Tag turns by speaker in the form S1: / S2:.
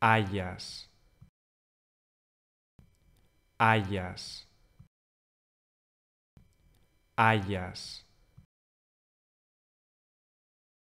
S1: Ayas Ayas Ayas